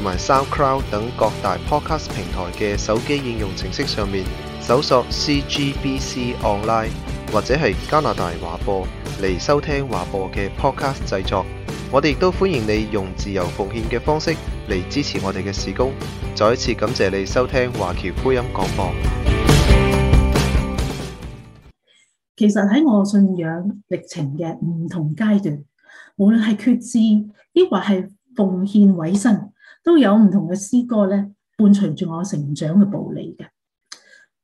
同埋 SoundCloud 等各大 podcast 平台嘅手機應用程式上面搜索 CGBC Online 或者係加拿大華播嚟收聽華播嘅 podcast 製作。我哋亦都歡迎你用自由奉獻嘅方式嚟支持我哋嘅事工。再一次感謝你收聽華僑福音廣播。其實喺我信仰歷程嘅唔同階段，無論係決志抑或係奉獻委身，都有唔同嘅詩歌咧伴隨住我成長嘅步履嘅。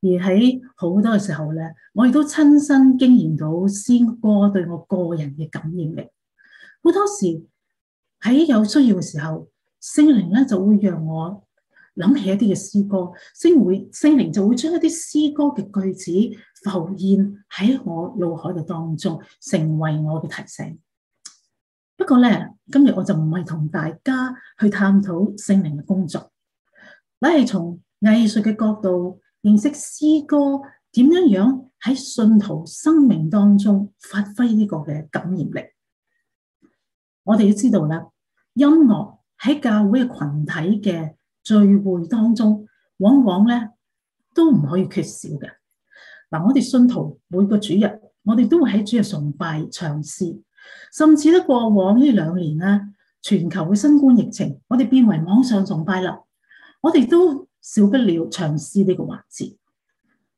而喺好多嘅時候咧，我亦都親身經驗到詩歌對我個人嘅感染力。好多時喺有需要嘅時候，聖靈咧就會讓我諗起一啲嘅詩歌，先會聖靈就會將一啲詩歌嘅句子浮現喺我腦海嘅當中，成為我嘅提醒。不過咧，今日我就唔係同大家去探討聖靈嘅工作，我係從藝術嘅角度認識詩歌點樣樣喺信徒生命當中發揮呢個嘅感染力。我哋要知道啦，音樂喺教會嘅群體嘅聚會當中，往往咧都唔可以缺少嘅。嗱，我哋信徒每個主日，我哋都會喺主日崇拜唱詩。甚至咧，過往呢兩年咧，全球嘅新冠疫情，我哋變為網上崇拜啦。我哋都少不了唱詩呢個環節。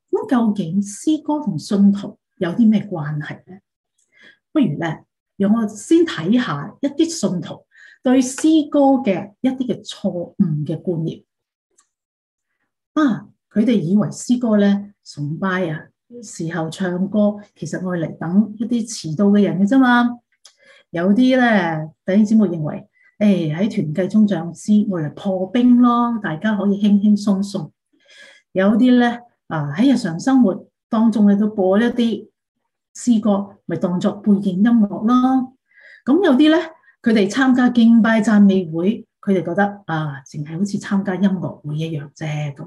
咁究竟詩歌同信徒有啲咩關係咧？不如咧，讓我先睇下一啲信徒對詩歌嘅一啲嘅錯誤嘅觀念。啊，佢哋以為詩歌咧崇拜啊，時候唱歌，其實係嚟等一啲遲到嘅人嘅啫嘛。有啲咧，弟兄姊妹認為，誒喺團契中唱詩，我嚟破冰咯，大家可以輕輕鬆鬆；有啲咧，啊喺日常生活當中喺度播一啲詩歌，咪當作背景音樂咯。咁有啲咧，佢哋參加敬拜讚美會，佢哋覺得啊，淨係好似參加音樂會一樣啫。咁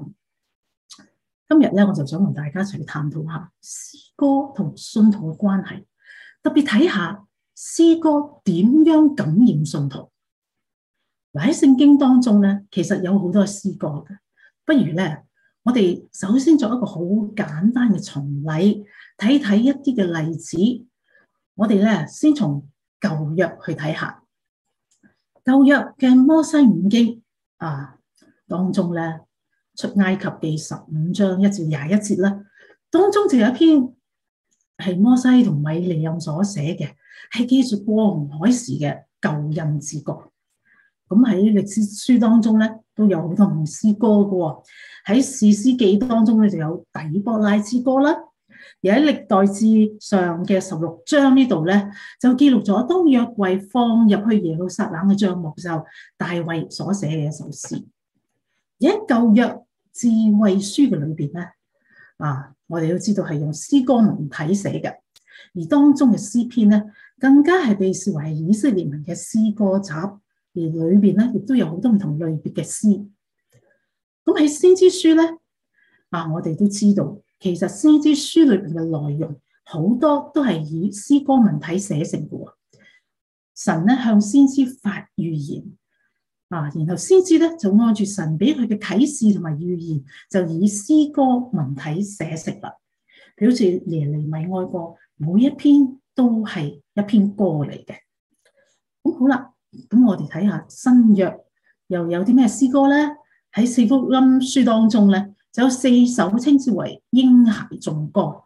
今日咧，我就想同大家一齊去探討下詩歌同信徒嘅關係，特別睇下。詩歌點樣感染信徒？嗱，喺聖經當中咧，其實有好多詩歌嘅。不如咧，我哋首先做一個好簡單嘅巡禮，睇睇一啲嘅例子。我哋咧，先從舊約去睇下，舊約嘅摩西五經啊當中咧，出埃及記十五章一至廿一節啦，當中就有一篇。係摩西同米利暗所寫嘅，係記住過紅海時嘅舊人之歌。咁喺歷史書當中咧，都有好多唔詩歌噶喎。喺《士師記》當中咧，就有《底波拉之歌》啦。而喺《歷代志》上嘅十六章呢度咧，就記錄咗當約櫃放入去耶路撒冷嘅帳幕之後，大衛所寫嘅一首詩。而喺舊約智慧書嘅裏邊咧。啊！我哋都知道係用詩歌文體寫嘅，而當中嘅詩篇咧，更加係被視為以色列文嘅詩歌集，而裏邊咧亦都有好多唔同類別嘅詩。咁喺先知書咧，啊，我哋都知道，其實先知書裏邊嘅內容好多都係以詩歌文體寫成嘅。神咧向先知發預言。啊，然後先知咧就按住神俾佢嘅啟示同埋預言，就以詩歌文體寫成啦。好似耶利米哀歌，每一篇都係一篇歌嚟嘅。咁好啦，咁我哋睇下新約又有啲咩詩歌咧？喺四福音書當中咧，就有四首稱之為嬰孩頌歌。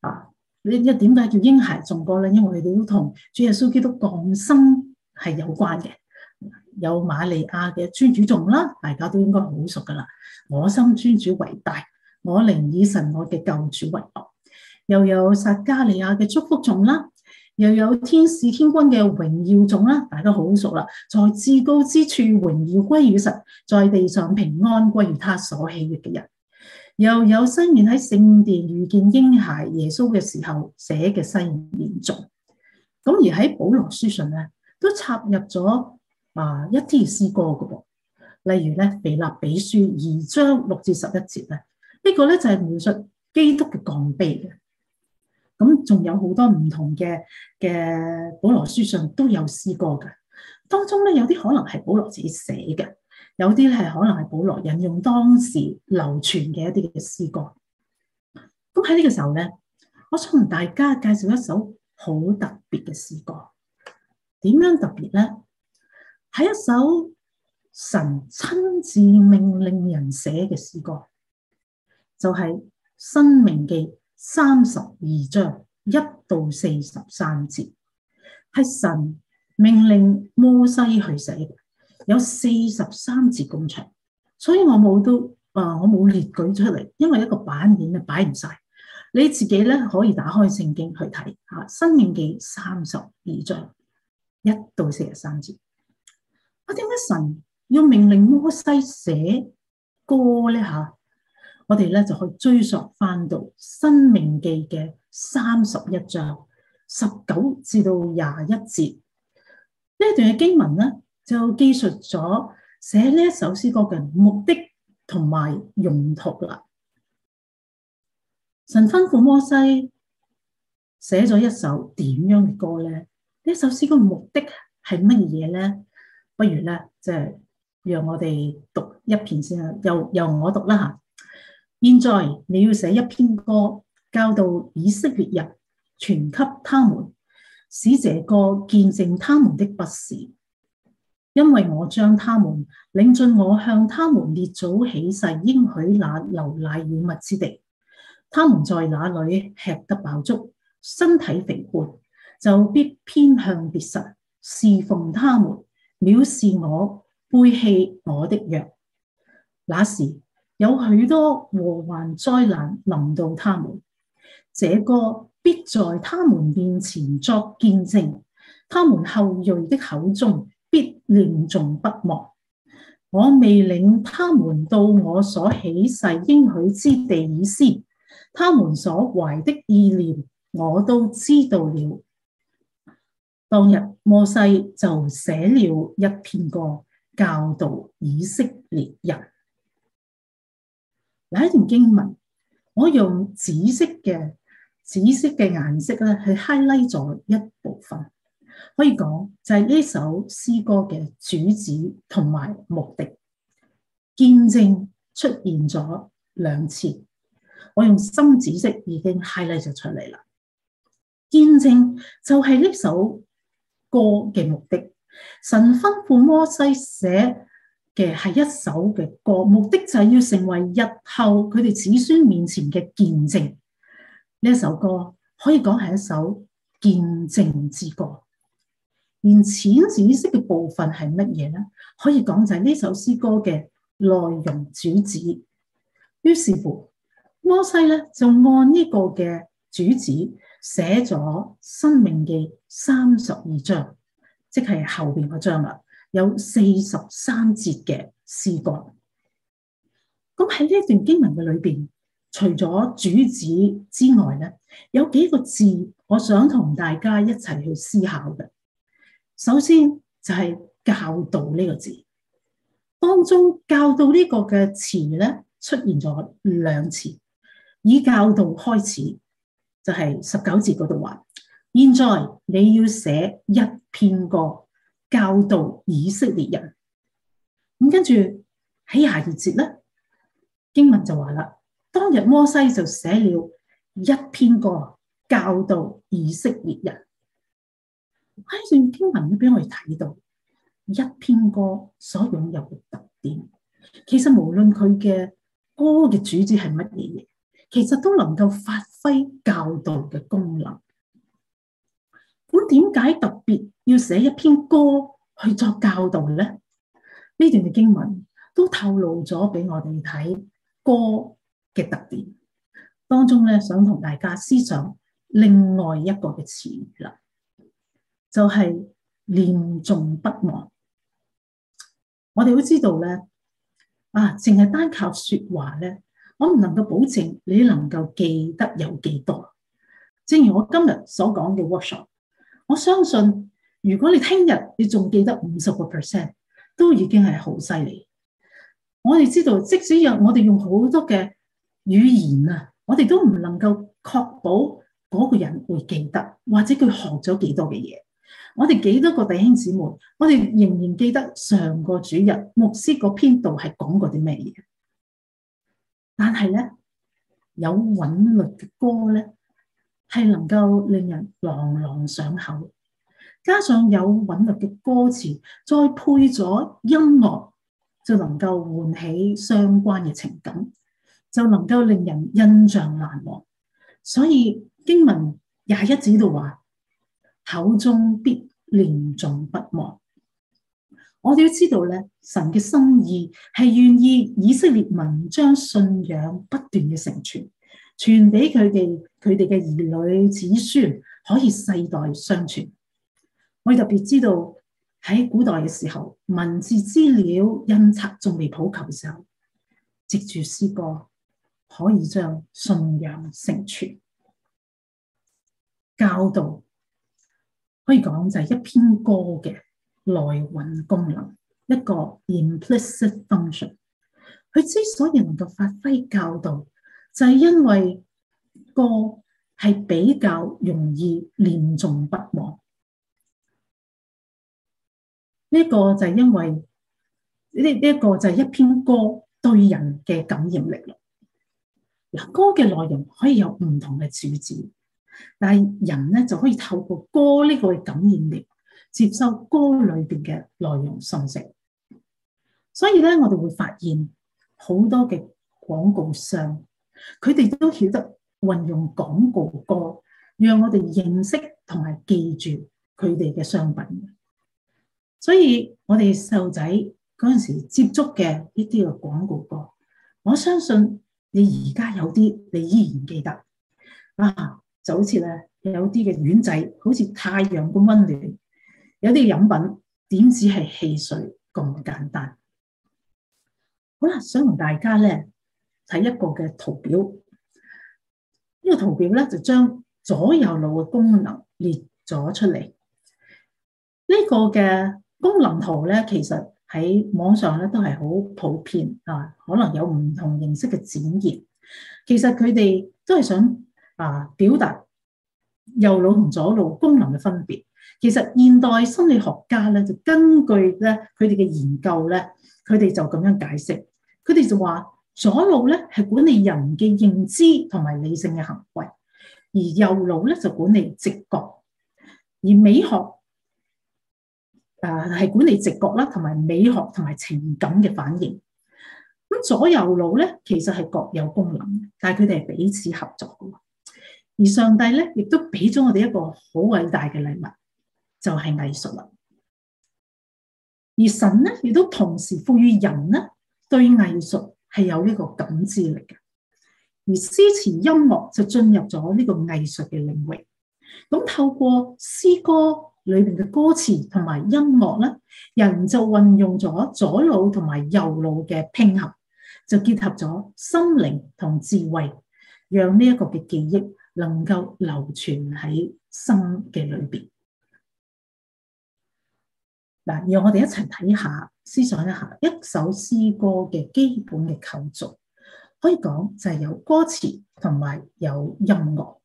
啊，呢一點解叫嬰孩頌歌咧？因為佢哋都同主耶穌基督降生係有關嘅。有瑪利亞嘅尊主頌啦，大家都應該好熟㗎喇。我心尊主為大，我靈以神我嘅救主為樂。又有撒迦利亞嘅祝福頌啦，又有天使天君嘅榮耀頌啦，大家好熟啦。在至高之處榮耀歸於神，在地上平安歸於他所喜悅嘅人。又有西面喺聖殿遇見嬰孩耶穌嘅時候寫嘅西面頌。咁而喺保羅書信咧，都插入咗。啊！一啲詩歌嘅噃，例如咧《腓立比書》二章六至十一節咧，這個、呢個咧就係描述基督嘅降卑嘅。咁仲有好多唔同嘅嘅保羅書上都有詩歌嘅，當中咧有啲可能係保羅自己寫嘅，有啲咧係可能係保羅引用當時流傳嘅一啲嘅詩歌。咁喺呢個時候咧，我想同大家介紹一首好特別嘅詩歌。點樣特別咧？係一首神親自命令人寫嘅詩歌，就係、是《申命記》三十二章一到四十三節，係神命令摩西去寫，有四十三節咁長，所以我冇都啊，我冇列舉出嚟，因為一個版面啊擺唔晒，你自己咧可以打開聖經去睇啊，《申命記》三十二章一到四十三節。我點解神要命令摩西寫歌咧？吓，我哋咧就可以追溯翻到《申命記》嘅三十一章十九至到廿一節呢一段嘅經文咧，就記述咗寫呢一首詩歌嘅目的同埋用途啦。神吩咐摩西寫咗一首點樣嘅歌咧？呢一首詩歌嘅目的係乜嘢咧？不如咧，即係讓我哋讀一篇先，由由我讀啦嚇。現在你要寫一篇歌，教導以色列人，傳給他們，使這個見證他們的不是。因為我將他們領進我向他們列祖起誓應許那流奶與蜜之地，他們在那裏吃得飽足，身體肥胖，就必偏向別神，侍奉他們。藐視我，背棄我的約，那時有許多禍患災難臨到他們。這個必在他們面前作見證，他們後裔的口中必念誦不忘。我未領他們到我所起誓應許之地以先，他們所懷的意念我都知道了。當日摩西就寫了一篇歌，教導以色列人。有一段經文，我用紫色嘅紫色嘅顏色咧，係 highlight 咗一部分。可以講就係呢首詩歌嘅主旨同埋目的。見證出現咗兩次，我用深紫色已經 highlight 咗出嚟啦。見證就係呢首歌嘅目的，神吩咐摩西寫嘅係一首嘅歌，目的就係要成為日後佢哋子孫面前嘅見證。呢一首歌可以講係一首見證之歌。而淺紫色嘅部分係乜嘢咧？可以講就係呢首詩歌嘅內容主旨。於是乎，摩西咧就按呢個嘅主旨。寫咗《申命記》三十二章，即係後邊嗰章啦，有四十三節嘅詩歌。咁喺呢一段經文嘅裏邊，除咗主旨之外咧，有幾個字，我想同大家一齊去思考嘅。首先就係教導呢個字，當中教導個呢個嘅詞咧出現咗兩次，以教導開始。就係十九節嗰度話，現在你要寫一篇歌教導以色列人。咁跟住喺廿二節咧，經文就話啦，當日摩西就寫了一篇歌教導以色列人。喺聖經文，你俾我哋睇到一篇歌所擁有嘅特點，其實無論佢嘅歌嘅主旨係乜嘢嘢，其實都能夠發教導嘅功能，咁點解特別要寫一篇歌去作教導咧？呢段嘅經文都透露咗俾我哋睇歌嘅特點，當中咧，想同大家思想另外一個嘅詞語啦，就係念眾不忘。我哋都知道咧，啊，淨係單靠說話咧。我唔能夠保證你能夠記得有幾多，正如我今日所講嘅 workshop。我相信，如果你聽日你仲記得五十個 percent，都已經係好犀利。我哋知道，即使有我哋用好多嘅語言啊，我哋都唔能夠確保嗰個人會記得，或者佢學咗幾多嘅嘢。我哋幾多個弟兄姊妹，我哋仍然記得上個主日牧師嗰篇道係講過啲咩嘢。但係咧，有韻律嘅歌咧，係能夠令人朗朗上口，加上有韻律嘅歌詞，再配咗音樂，就能夠喚起相關嘅情感，就能夠令人印象難忘。所以經文廿一節度話：口中必念誦不忘。我哋要知道咧，神嘅心意係願意以色列民將信仰不斷嘅成傳，傳俾佢哋、佢哋嘅兒女子孫可以世代相傳。我特別知道喺古代嘅時候，文字資料印刷仲未普及嘅時候，藉住詩歌可以將信仰成傳，教導可以講就係一篇歌嘅。內蘊功能一個 implicit function，佢之所以能夠發揮教導，就係、是、因為歌係比較容易念誦不忘。呢、這、一個就係因為呢呢一個就係一篇歌對人嘅感染力。嗱，歌嘅內容可以有唔同嘅主旨，但係人咧就可以透過歌呢個嘅感染力。接收歌裏邊嘅內容信息，所以咧，我哋會發現好多嘅廣告商，佢哋都曉得運用廣告歌，讓我哋認識同埋記住佢哋嘅商品。所以我哋細路仔嗰陣時接觸嘅呢啲嘅廣告歌，我相信你而家有啲你依然記得啊，就好似咧有啲嘅丸仔，好似太陽咁溫暖。有啲飲品點止係汽水咁簡單？好啦，想同大家咧睇一個嘅圖表。呢個圖表咧就將左右腦嘅功能列咗出嚟。呢個嘅功能圖咧，其實喺網上咧都係好普遍啊，可能有唔同形式嘅展現。其實佢哋都係想啊表達右腦同左腦功能嘅分別。其實現代心理學家咧，就根據咧佢哋嘅研究咧，佢哋就咁樣解釋，佢哋就話左腦咧係管理人嘅認知同埋理性嘅行為，而右腦咧就管理直覺，而美學誒係管理直覺啦，同埋美學同埋情感嘅反應。咁左右腦咧其實係各有功能，但係佢哋係彼此合作噶。而上帝咧亦都俾咗我哋一個好偉大嘅禮物。就係藝術啦，而神呢，亦都同時賦予人呢對藝術係有一個感知力嘅，而詩詞音樂就進入咗呢個藝術嘅領域。咁透過詩歌裏邊嘅歌詞同埋音樂呢，人就運用咗左腦同埋右腦嘅拼合，就結合咗心靈同智慧，讓呢一個嘅記憶能夠流傳喺心嘅裏邊。嗱，而我哋一齊睇下、思想一下一首詩歌嘅基本嘅構造，可以講就係有歌詞同埋有音樂。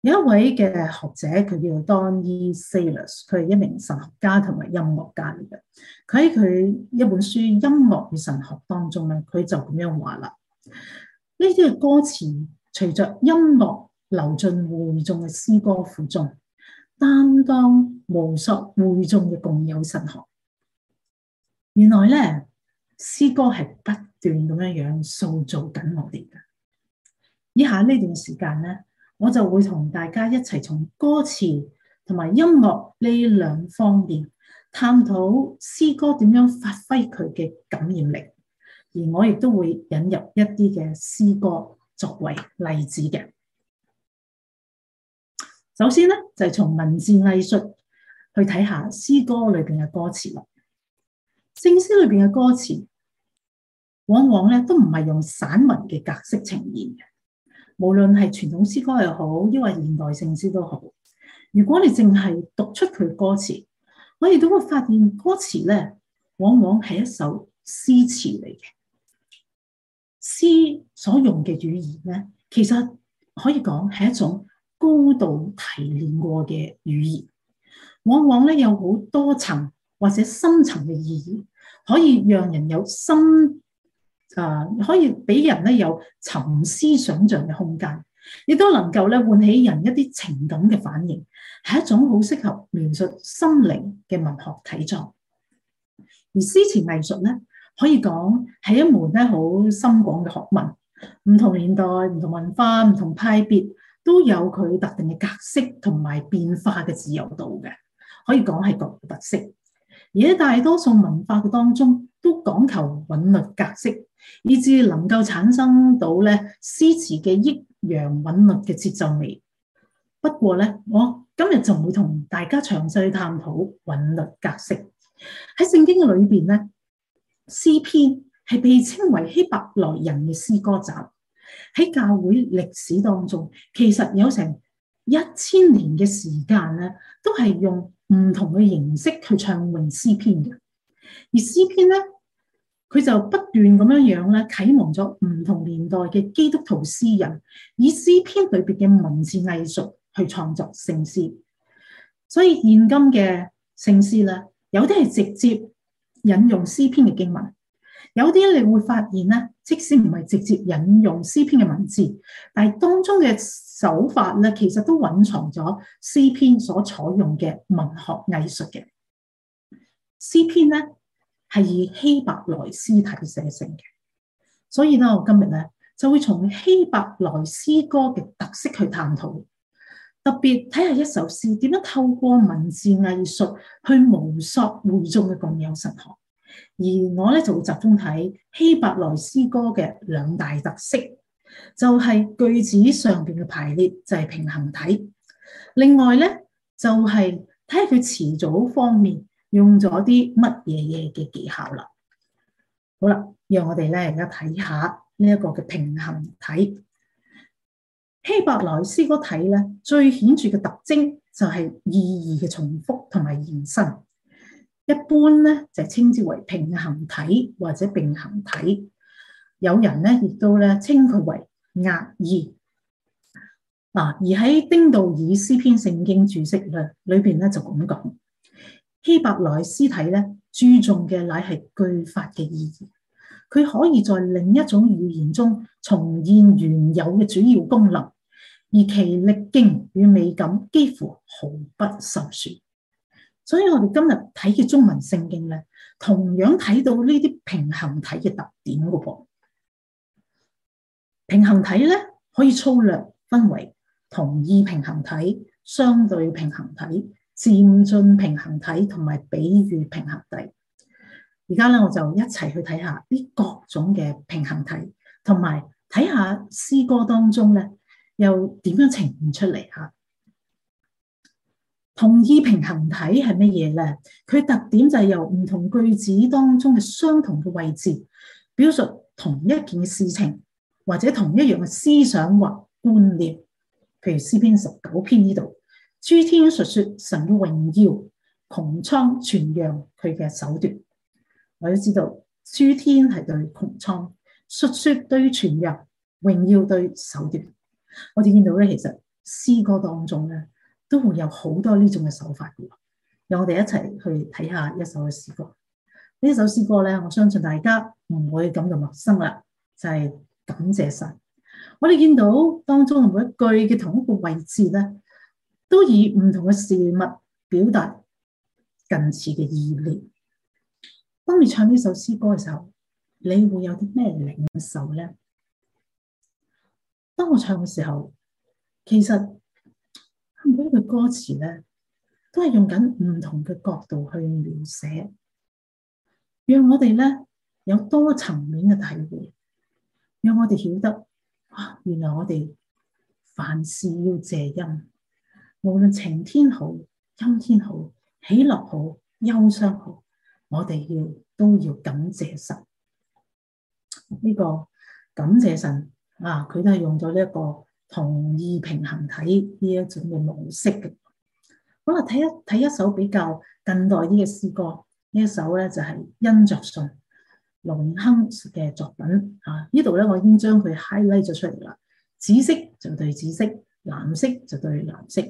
有一位嘅學者，佢叫 Don E. Saliers，佢係一名神學家同埋音樂家嚟嘅。佢喺佢一本書《音樂與神學》當中咧，佢就咁樣話啦：呢啲嘅歌詞隨着音樂流進會眾嘅詩歌腹中，擔當無數會眾嘅共有神學，原來咧，詩歌係不斷咁樣樣塑造緊我哋嘅。以下呢段時間咧，我就會同大家一齊從歌詞同埋音樂呢兩方面探討詩歌點樣發揮佢嘅感染力，而我亦都會引入一啲嘅詩歌作為例子嘅。首先咧，就係、是、從文字藝術。去睇下詩歌裏邊嘅歌詞啦，聖詩裏邊嘅歌詞，往往咧都唔係用散文嘅格式呈現嘅。無論係傳統詩歌又好，抑或現代聖詩都好。如果你淨係讀出佢嘅歌詞，我哋都會發現歌詞咧，往往係一首詩詞嚟嘅。詩所用嘅語言咧，其實可以講係一種高度提煉過嘅語言。往往咧有好多層或者深層嘅意義，可以讓人有深啊、呃，可以俾人咧有沉思想象嘅空間，亦都能夠咧喚起人一啲情感嘅反應，係一種好適合描述心靈嘅文學體狀。而詩詞藝術咧，可以講係一門咧好深廣嘅學問，唔同年代、唔同文化、唔同派別都有佢特定嘅格式同埋變化嘅自由度嘅。可以講係各個特色，而喺大多數文化嘅當中，都講求韻律格式，以至能夠產生到咧詩詞嘅抑揚韻律嘅節奏味。不過咧，我今日就唔會同大家詳細去探討韻律格式。喺聖經裏邊咧，詩篇係被稱為希伯來人嘅詩歌集。喺教會歷史當中，其實有成一千年嘅時間咧，都係用。唔同嘅形式去唱詠詩篇嘅，而詩篇咧，佢就不斷咁樣樣咧，啟蒙咗唔同年代嘅基督徒詩人，以詩篇裡面嘅文字藝術去創作聖詩。所以現今嘅聖詩咧，有啲係直接引用詩篇嘅經文，有啲你會發現咧，即使唔係直接引用詩篇嘅文字，但係當中嘅。手法咧，其實都隱藏咗詩篇所採用嘅文學藝術嘅。詩篇咧，係以希伯來詩體寫成嘅，所以咧我今日咧就會從希伯來詩歌嘅特色去探討，特別睇下一首詩點樣透過文字藝術去模索會眾嘅共有神學，而我咧就會集中睇希伯來詩歌嘅兩大特色。就係句子上邊嘅排列就係、是、平衡體，另外咧就係睇下佢詞組方面用咗啲乜嘢嘢嘅技巧啦。好啦，讓我哋咧而家睇下呢一個嘅平衡體。希伯來詩歌體咧最顯著嘅特徵就係意義嘅重複同埋延伸，一般咧就稱之為平衡體或者並行體。有人咧亦都咧稱佢為押意，啊！而喺丁道爾詩篇聖經註釋咧裏邊咧就咁講：希伯來詩體咧注重嘅乃係句法嘅意義，佢可以在另一種語言中重現原有嘅主要功能，而其力經與美感幾乎毫不受損。所以我哋今日睇嘅中文聖經咧，同樣睇到呢啲平衡體嘅特點噶噃。平衡體咧可以粗略分為同意平衡體、相對平衡體、漸進平衡體同埋比喻平衡體。而家咧我就一齊去睇下啲各種嘅平衡體，同埋睇下詩歌當中咧又點樣呈現出嚟吓。同意平衡體係乜嘢咧？佢特點就係由唔同句子當中嘅相同嘅位置，表述同一件事情。或者同一樣嘅思想或觀念，譬如詩篇十九篇呢度，諸天述說神嘅榮耀，穹蒼傳揚佢嘅手段。我都知道，諸天係對穹蒼，述說對於傳揚，榮耀對手段。我哋見到咧，其實詩歌當中咧，都會有好多呢種嘅手法嘅。讓我哋一齊去睇下一首嘅詩歌。呢首詩歌咧，我相信大家唔會感到陌生啦，就係、是。感謝神，我哋見到當中嘅每一句嘅同一個位置咧，都以唔同嘅事物表達近似嘅意念。當你唱呢首詩歌嘅時候，你會有啲咩領受咧？當我唱嘅時候，其實每一句歌詞咧，都係用緊唔同嘅角度去描寫，讓我哋咧有多層面嘅體會。讓我哋曉得，哇！原來我哋凡事要謝恩，無論晴天好、陰天好、喜樂好、憂傷好，我哋要都要感謝神。呢、這個感謝神啊，佢都係用咗呢一個同異平衡體呢一種嘅模式嘅。好啦，睇一睇一首比較近代啲嘅詩歌，呢一首咧就係、是《因著信》。龍亨嘅作品啊，呢度咧，我已經將佢 highlight 咗出嚟啦。紫色就對紫色，藍色就對藍色。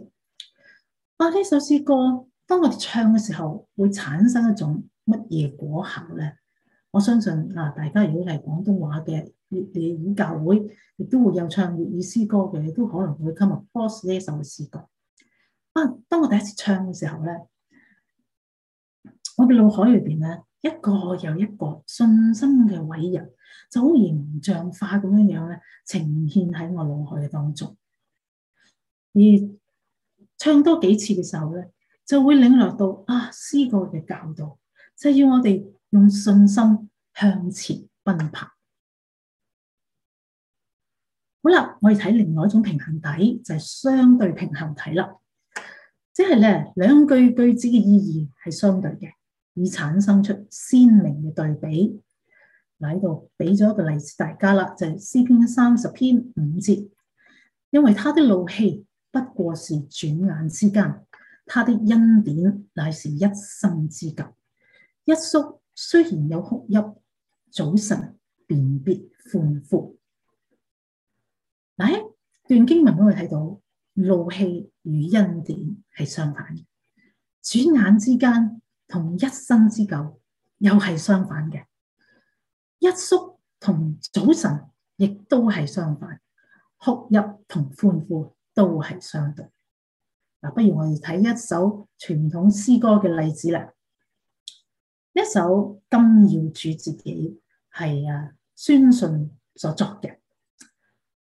啊，呢首詩歌，當我哋唱嘅時候，會產生一種乜嘢果效咧？我相信啊，大家如果係廣東話嘅粵語語教會，亦都會有唱粵語詩歌嘅，都可能會今日 post 呢一首嘅詩歌。啊，當我第一次唱嘅時候咧～我嘅腦海裏邊咧，一個又一個信心嘅偉人，就好形象化咁樣樣咧，呈現喺我腦海嘅當中。而唱多幾次嘅時候咧，就會領略到啊，詩歌嘅教導就係要我哋用信心向前奔跑。好啦，我哋睇另外一種平衡體，就係相對平衡體啦，即係咧兩句句子嘅意義係相對嘅。以產生出鮮明嘅對比，嗱，喺度俾咗一個例子大家啦，就係、是、詩篇三十篇五節，因為他的怒氣不過是轉眼之間，他的恩典乃是一生之久。一宿雖然有哭泣，早晨便必歡呼。喺、哎、段經文都會睇到怒氣與恩典係相反嘅，轉眼之間。同一生之久，又係相反嘅，一宿同早晨亦都係相反，哭泣同歡呼都係相對。嗱，不如我哋睇一首傳統詩歌嘅例子啦，一首今要主自己係啊宣信所作嘅。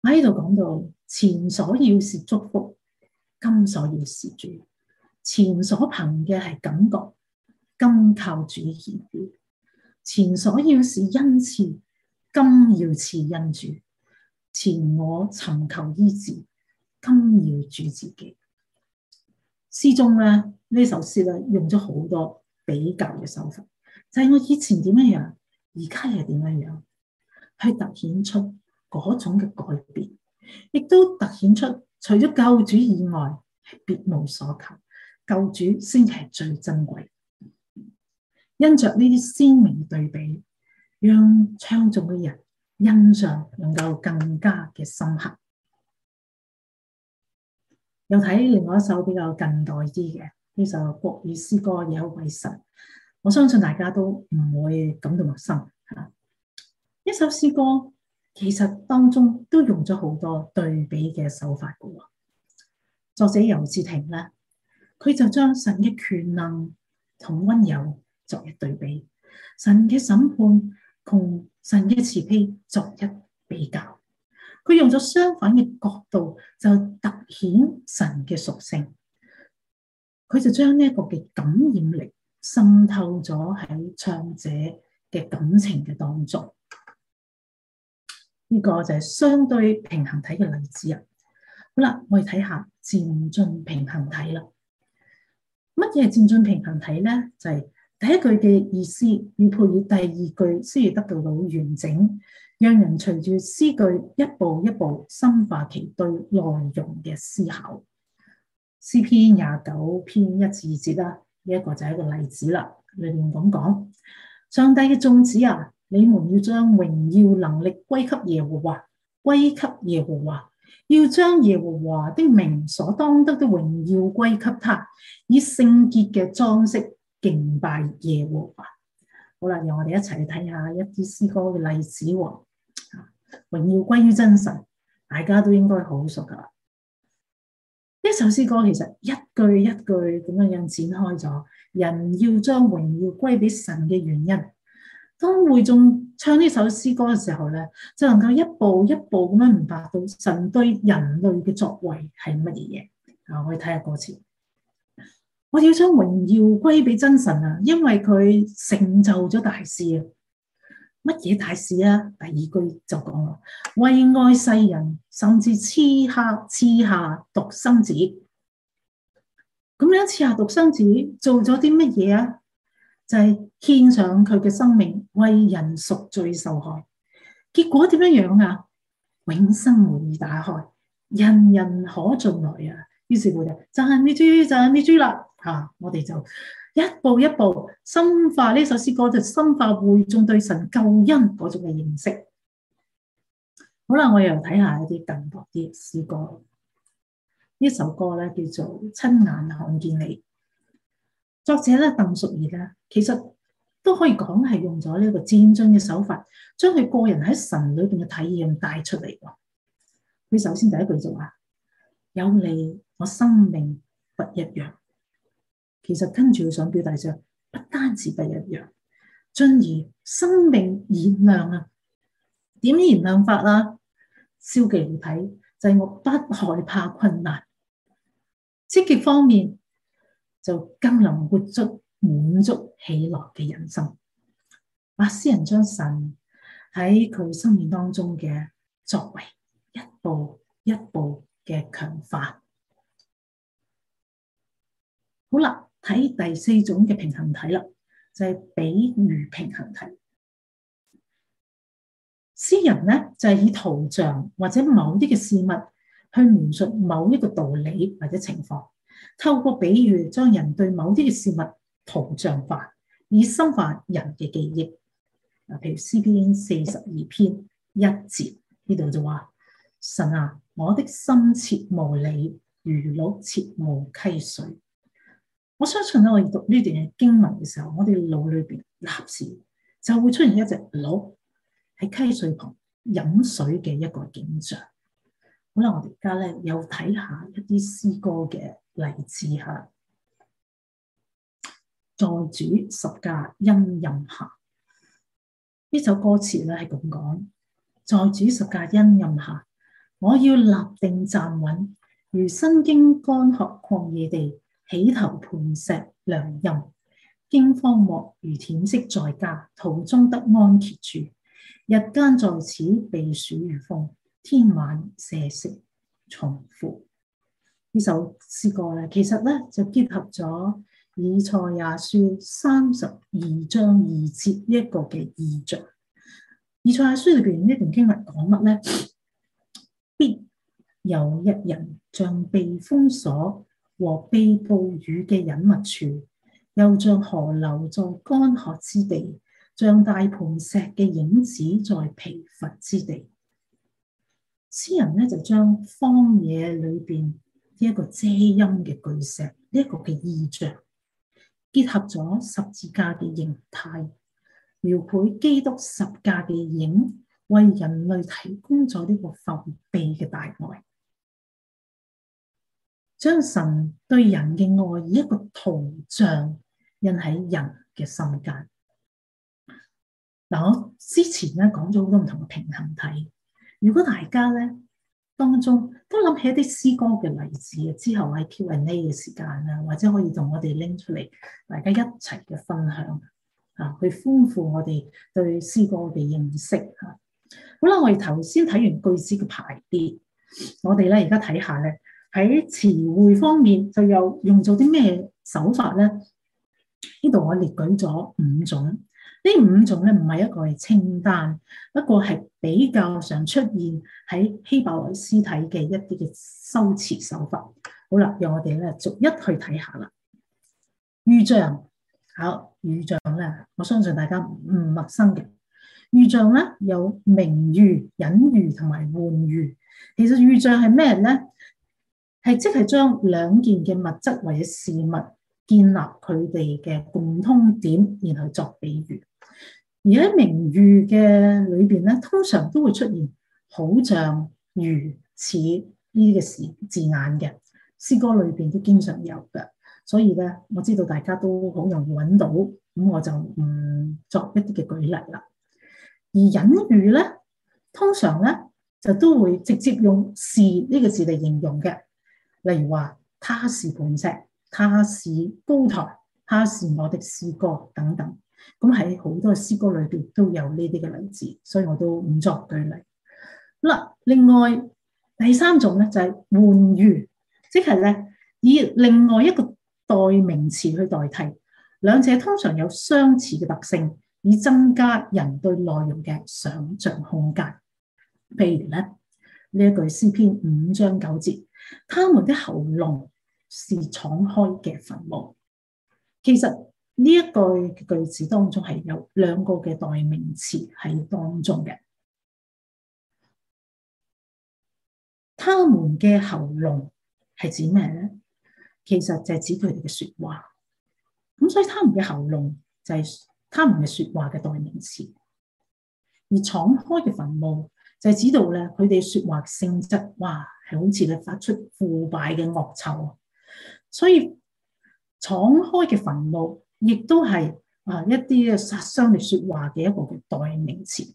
喺呢度講到前所要是祝福，今所要是主。前所憑嘅係感覺。今求主醫治，前所要是恩賜，今要賜恩主。前我尋求醫治，今要主自己。詩中咧，呢首詩咧用咗好多比較嘅手法，就係、是、我以前點樣樣，而家又點樣樣，去凸顯出嗰種嘅改變，亦都凸顯出除咗救主以外，別無所求，救主先係最珍貴。因着呢啲鮮明嘅對比，讓唱誦嘅人印象能夠更加嘅深刻。又睇另外一首比較近代啲嘅呢首國語詩歌《有位神》，我相信大家都唔會感到陌生。一首詩歌其實當中都用咗好多對比嘅手法嘅。作者游智婷咧，佢就將神嘅權能同溫柔作一對比，神嘅審判同神嘅慈悲作一比較，佢用咗相反嘅角度，就凸顯神嘅屬性。佢就將呢一個嘅感染力滲透咗喺唱者嘅感情嘅當中。呢、這個就係相對平衡體嘅例子啊。好啦，我哋睇下漸進平衡體啦。乜嘢係漸進平衡體咧？就係、是。第一句嘅意思要配以第二句，先至得到到完整，讓人隨住詩句一步一步深化其對內容嘅思考。詩篇廿九篇一至二節啦，呢、這、一個就係一個例子啦。裏面咁講，上帝嘅眾子啊，你們要將榮耀能力歸給耶和華，歸給耶和華，要將耶和華的名所當得的榮耀歸給他，以聖潔嘅裝飾。敬拜耶和華。好啦，由我哋一齊去睇下一啲詩歌嘅例子。榮耀歸於真神，大家都應該好熟噶啦。呢首詩歌其實一句一句咁樣樣展開咗，人要將榮耀歸俾神嘅原因。當會眾唱呢首詩歌嘅時候咧，就能夠一步一步咁樣明白到神對人類嘅作為係乜嘢。啊，我哋睇下歌詞。我要將榮耀歸俾真神啊，因為佢成就咗大事啊！乜嘢大事啊？第二句就講啦，為愛世人，甚至賜下賜下獨生子。咁樣賜下獨生子，做咗啲乜嘢啊？就係、是、獻上佢嘅生命，為人贖罪受害。結果點樣樣啊？永生門已大開，人人可進來啊！於是乎就係呢豬就係呢豬啦嚇！我哋就一步一步深化呢首詩歌，就深化會眾對神救恩嗰種嘅認識。好啦，我又睇下一啲更多啲詩歌。呢首歌咧叫做《親眼看見你》，作者咧鄧淑儀咧，其實都可以講係用咗呢個漸進嘅手法，將佢個人喺神裏邊嘅體驗帶出嚟喎。佢首先第一句就話：有你。我生命不一樣，其實跟住佢想表達就，不單止不一樣，進而生命燃亮啊！點燃亮法啦，啊？消極嚟睇就係、是、我不害怕困難，積極方面就更能活出滿足起來嘅人生。把、啊、詩人將神喺佢生命當中嘅作為，一步一步嘅強化。睇第四種嘅平衡體啦，就係比喻平衡體。詩人咧就係以圖像或者某啲嘅事物去描述某一個道理或者情況，透過比喻將人對某啲嘅事物圖像化，以深化人嘅記憶。嗱，譬如《詩篇》四十二篇一節呢度就話：神啊，我的心切慕你，如鹿切慕溪水。我相信咧，我讀呢段嘅經文嘅時候，我哋腦裏邊立時就會出現一隻鹿喺溪水旁飲水嘅一個景象。好啦，我哋而家咧又睇下一啲詩歌嘅例子吓。在主十架蔭庇下，呢首歌詞咧係咁講：在主十架蔭庇下，我要立定站穩，如新經乾涸曠野地。起頭盤石良陰，經荒漠如恬色在家，途中得安歇住。日間在此避暑如風，天晚射食重腐。呢首詩歌咧，其實咧就結合咗《以賽亞書》三十二章二節一個嘅意象，《以賽亞書》裏邊一段經文講乜咧？必有一人像被封鎖，和避暴雨嘅隱密處，又像河流在乾涸之地，像大磐石嘅影子在疲乏之地。詩人呢，就將荒野裏邊呢一個遮陰嘅巨石，呢、這、一個嘅意象，結合咗十字架嘅形態，描繪基督十架嘅影，為人類提供咗呢個覆庇嘅大愛。將神對人嘅愛以一個圖像印喺人嘅心間。嗱，我之前咧講咗好多唔同嘅平衡體。如果大家咧當中都諗起一啲詩歌嘅例子嘅，之後喺 Q&A 嘅時間啊，或者可以同我哋拎出嚟，大家一齊嘅分享啊，去豐富我哋對詩歌嘅認識啊。好啦，我哋頭先睇完句子嘅排列，我哋咧而家睇下咧。喺詞彙方面，就又用咗啲咩手法咧？呢度我列舉咗五種，呢五種咧唔係一個嘅清單，不過係比較常出現喺希伯來詩體嘅一啲嘅修辭手法。好啦，讓我哋咧逐一去睇下啦。預象，好，預象咧，我相信大家唔陌生嘅。預象咧有明喻、隱喻同埋換喻。其實預象係咩咧？係即係將兩件嘅物質或者事物建立佢哋嘅共通點，然後作比喻。而喺明喻嘅裏邊咧，通常都會出現好像、如此呢啲嘅字字眼嘅，詩歌裏邊都經常有嘅，所以咧我知道大家都好容易揾到，咁我就唔作一啲嘅舉例啦。而隱喻咧，通常咧就都會直接用是呢、這個字嚟形容嘅。例如話，他是磐石，他是高台，他是我的詩歌等等。咁喺好多詩歌裏邊都有呢啲嘅例子，所以我都唔作對例。嗱，另外第三種咧就係換喻，即係咧以另外一個代名詞去代替兩者，通常有相似嘅特性，以增加人對內容嘅想像空間。譬如咧呢一句詩篇五章九節。他們的喉嚨是敞開嘅墳墓。其實呢一個句，句子當中係有兩個嘅代名詞喺當中嘅。他們嘅喉嚨係指咩咧？其實就係指佢哋嘅說話。咁所以他們嘅喉嚨就係他們嘅說話嘅代名詞，而敞開嘅墳墓。就係知道咧，佢哋說話性質，哇，係好似咧發出腐敗嘅惡臭，所以敞開嘅墳墓亦都係啊一啲嘅殺傷力說話嘅一個嘅代名詞。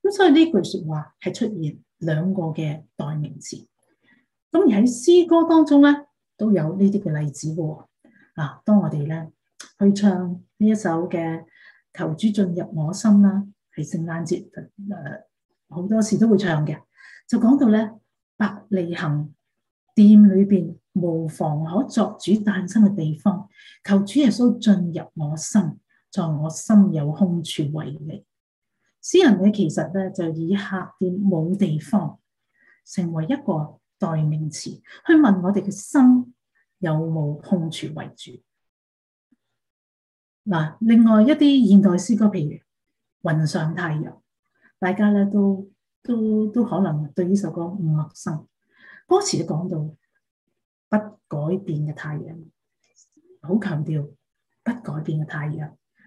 咁所以呢句說話係出現兩個嘅代名詞。咁而喺詩歌當中咧，都有呢啲嘅例子嘅、哦。嗱、啊，當我哋咧去唱呢一首嘅《求主進入我心》啦，係聖誕節誒。呃好多時都會唱嘅，就講到咧伯利恆店裏邊無，房可作主誕生嘅地方，求主耶穌進入我心，在我心有空處為你。詩人呢其實咧就以客店冇地方成為一個代名詞，去問我哋嘅心有冇空處為主。嗱，另外一啲現代詩歌，譬如《雲上太陽》。大家呢都都都可能對呢首歌唔陌生，歌詞咧講到不改變嘅太陽，好強調不改變嘅太陽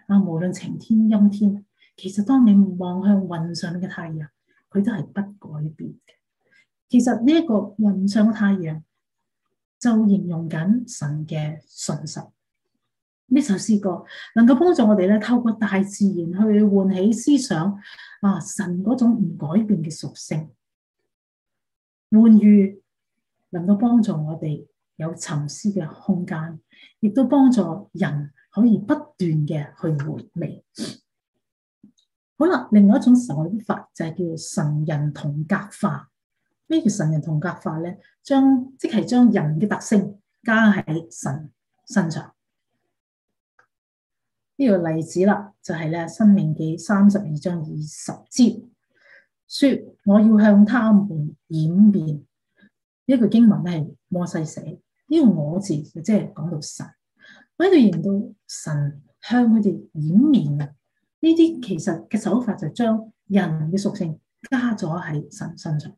啊！無論晴天陰天，其實當你望向雲上嘅太陽，佢都係不改變嘅。其實呢一個雲上嘅太陽就形容緊神嘅信實。呢首詩歌能夠幫助我哋咧，透過大自然去喚起思想啊，神嗰種唔改變嘅屬性，喚喻能夠幫助我哋有沉思嘅空間，亦都幫助人可以不斷嘅去回味。好啦，另外一種手法就係叫做神人同格化。咩叫神人同格化咧？將即係將人嘅特性加喺神身上。呢個例子啦，就係咧《申命記》三十二章二十節，說我要向他們掩面。呢句經文咧係摩西寫，呢個我字即係講到神，喺度形容神向佢哋掩面。呢啲其實嘅手法就將人嘅屬性加咗喺神身上。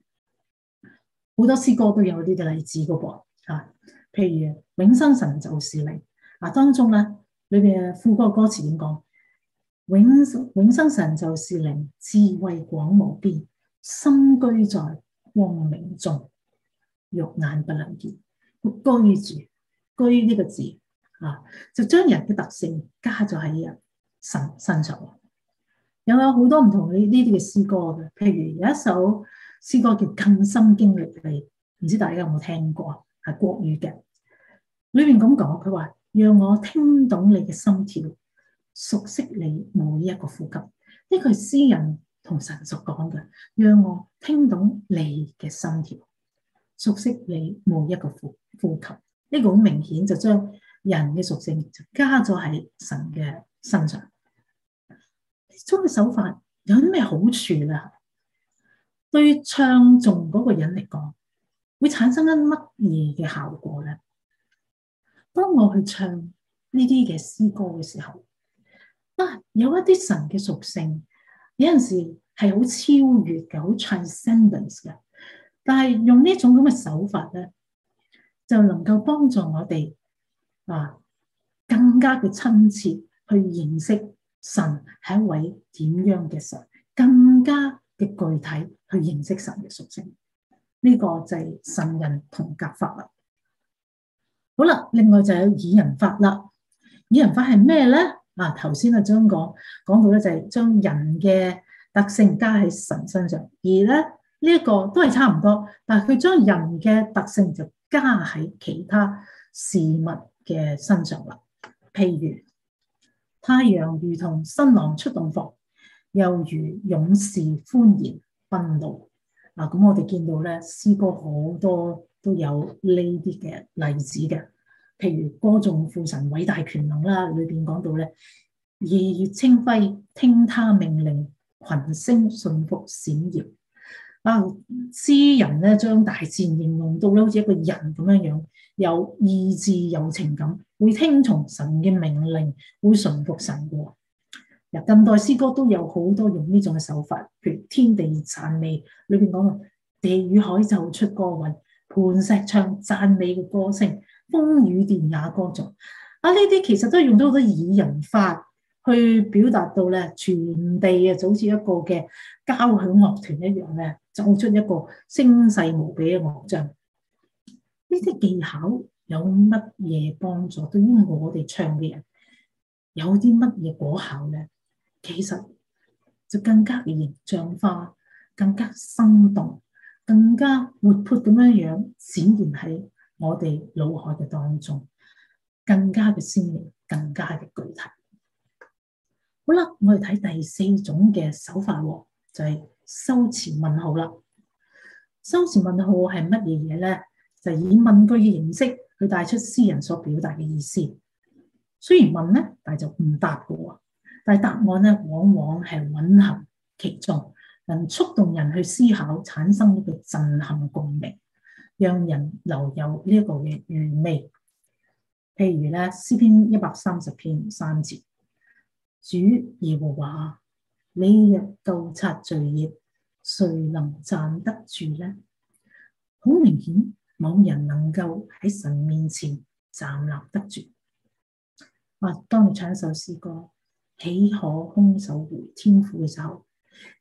好多詩歌都有呢啲例子噶噃，吓，譬如永生神就是你，嗱當中咧。裏邊副歌歌詞點講？永永生神就是靈，智慧廣無邊，深居在光明中，肉眼不能見。居住居呢個字啊，就將人嘅特性加咗喺人神身上。有有好多唔同呢呢啲嘅詩歌嘅，譬如有一首詩歌叫《更深經歷你》，唔知大家有冇聽過？係國語嘅，裏邊咁講，佢話。讓我聽懂你嘅心跳，熟悉你每一個呼吸。呢句係詩人同神所講嘅。讓我聽懂你嘅心跳，熟悉你每一個呼吸呼吸。呢個好明顯就將人嘅屬性就加咗喺神嘅身上。呢種手法有啲咩好處啊？對唱誦嗰個人嚟講，會產生啲乜嘢嘅效果咧？當我去唱呢啲嘅詩歌嘅時候，啊，有一啲神嘅屬性，有陣時係好超越嘅，好 transcendence 嘅。但係用呢種咁嘅手法咧，就能夠幫助我哋啊，更加嘅親切去認識神係一位點樣嘅神，更加嘅具體去認識神嘅屬性。呢個就係神人同格法律。好啦，另外就有擬人法啦。擬人法係咩咧？啊，頭先啊，將講講到咧，就係將人嘅特性加喺神身上，而咧呢一、這個都係差唔多，但係佢將人嘅特性就加喺其他事物嘅身上啦。譬如太陽如同新郎出洞房，又如勇士歡然奔路。嗱，咁、啊、我哋見到咧，詩歌好多。都有呢啲嘅例子嘅，譬如歌頌父神偉大權能啦，裏邊講到咧，夜月清輝聽他命令，群星順服閃耀。啊，詩人咧，將大自然形容到好似一個人咁樣樣，有意志，有情感，會聽從神嘅命令，會順服神嘅。嗱，啊，近代詩歌都有好多用呢種嘅手法，譬如天地讚美裏邊講到，地與海就出歌韻，磐石唱讚美嘅歌聲，風雨電也歌著。啊，呢啲其實都用咗好多擬人法去表達到咧，全地啊，就好似一個嘅交響樂團一樣咧，奏出一個聲勢無比嘅樂章。呢啲技巧有乜嘢幫助？對於我哋唱嘅人有啲乜嘢果效咧？其實就更加形象化，更加生動。更加活潑咁樣樣展現喺我哋腦海嘅當中，更加嘅鮮明，更加嘅具體。好啦，我哋睇第四種嘅手法，就係、是、修辭問號啦。修辭問號係乜嘢嘢咧？就是、以問句嘅形式去帶出詩人所表達嘅意思。雖然問咧，但係就唔答嘅喎。但係答案咧，往往係蘊含其中。能觸動人去思考，產生一個震撼，共鳴，讓人留有呢一個嘅餘味。譬如咧，詩篇一百三十篇三節，主耶和華，你若洞察罪孽，誰能站得住呢？好明顯，冇人能夠喺神面前站立得住。哇、啊！當你唱首詩歌，豈可空手回天父嘅時候？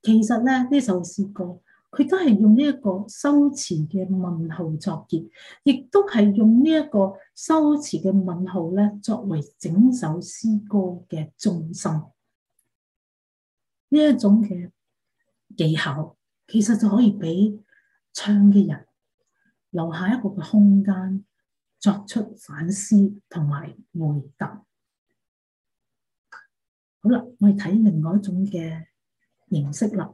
其實咧，呢首詩歌，佢都係用呢一個修辭嘅問號作結，亦都係用呢一個修辭嘅問號咧作為整首詩歌嘅中心。呢一種嘅技巧，其實就可以俾唱嘅人留下一個嘅空間，作出反思同埋回答。好啦，我哋睇另外一種嘅。形式啦，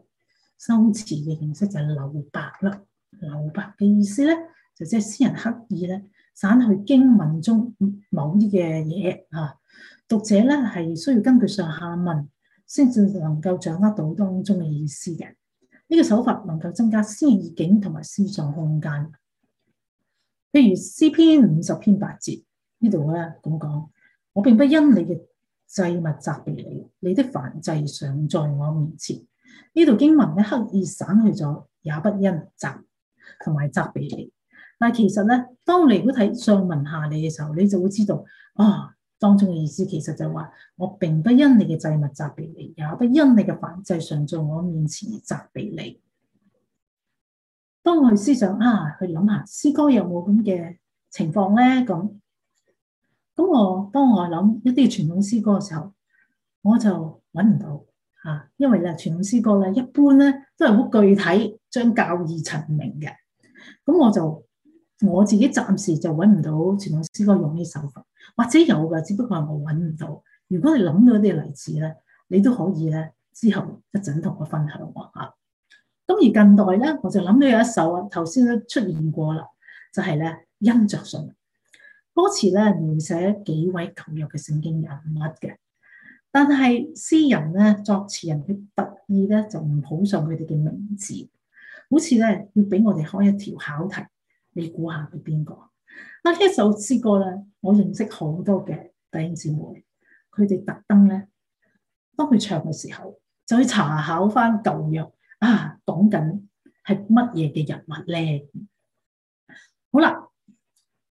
修辭嘅形式就係留白啦。留白嘅意思咧，就即係詩人刻意咧刪去經文中某啲嘅嘢啊，讀者咧係需要根據上下文，先至能夠掌握到當中嘅意思嘅。呢、這個手法能夠增加詩意境同埋思想空間。譬如詩篇五十篇八節呢度咧，噉講，我並不因你嘅。祭物責備你，你的燔祭常在我面前。呢度經文一刻意省去咗，也不因責同埋責備你。但係其實咧，當你如果睇上文下理嘅時候，你就會知道啊，當中嘅意思其實就係話，我並不因你嘅祭物責備你，也不因你嘅燔祭常在我面前而責備你。當我去思想啊，去諗下，詩歌有冇咁嘅情況咧？咁。咁我當我諗一啲傳統詩歌嘅時候，我就揾唔到啊！因為咧傳統詩歌咧一般咧都係好具體，將教義陳明嘅。咁我就我自己暫時就揾唔到傳統詩歌用呢手法，或者有嘅，只不過係我揾唔到。如果你諗到一啲例子咧，你都可以咧之後一陣同我分享啊！咁而近代咧，我就諗到有一首啊，頭先都出現過啦，就係咧《因着信》。歌詞咧描寫幾位舊約嘅聖經人物嘅，但係詩人咧作詞人嘅特意咧就唔報上佢哋嘅名字，好似咧要俾我哋開一條考題，你估下佢邊個？啊，呢一首詩歌咧，我認識好多嘅弟兄姊妹，佢哋特登咧，當佢唱嘅時候，就去查考翻舊約啊，講緊係乜嘢嘅人物咧？好啦。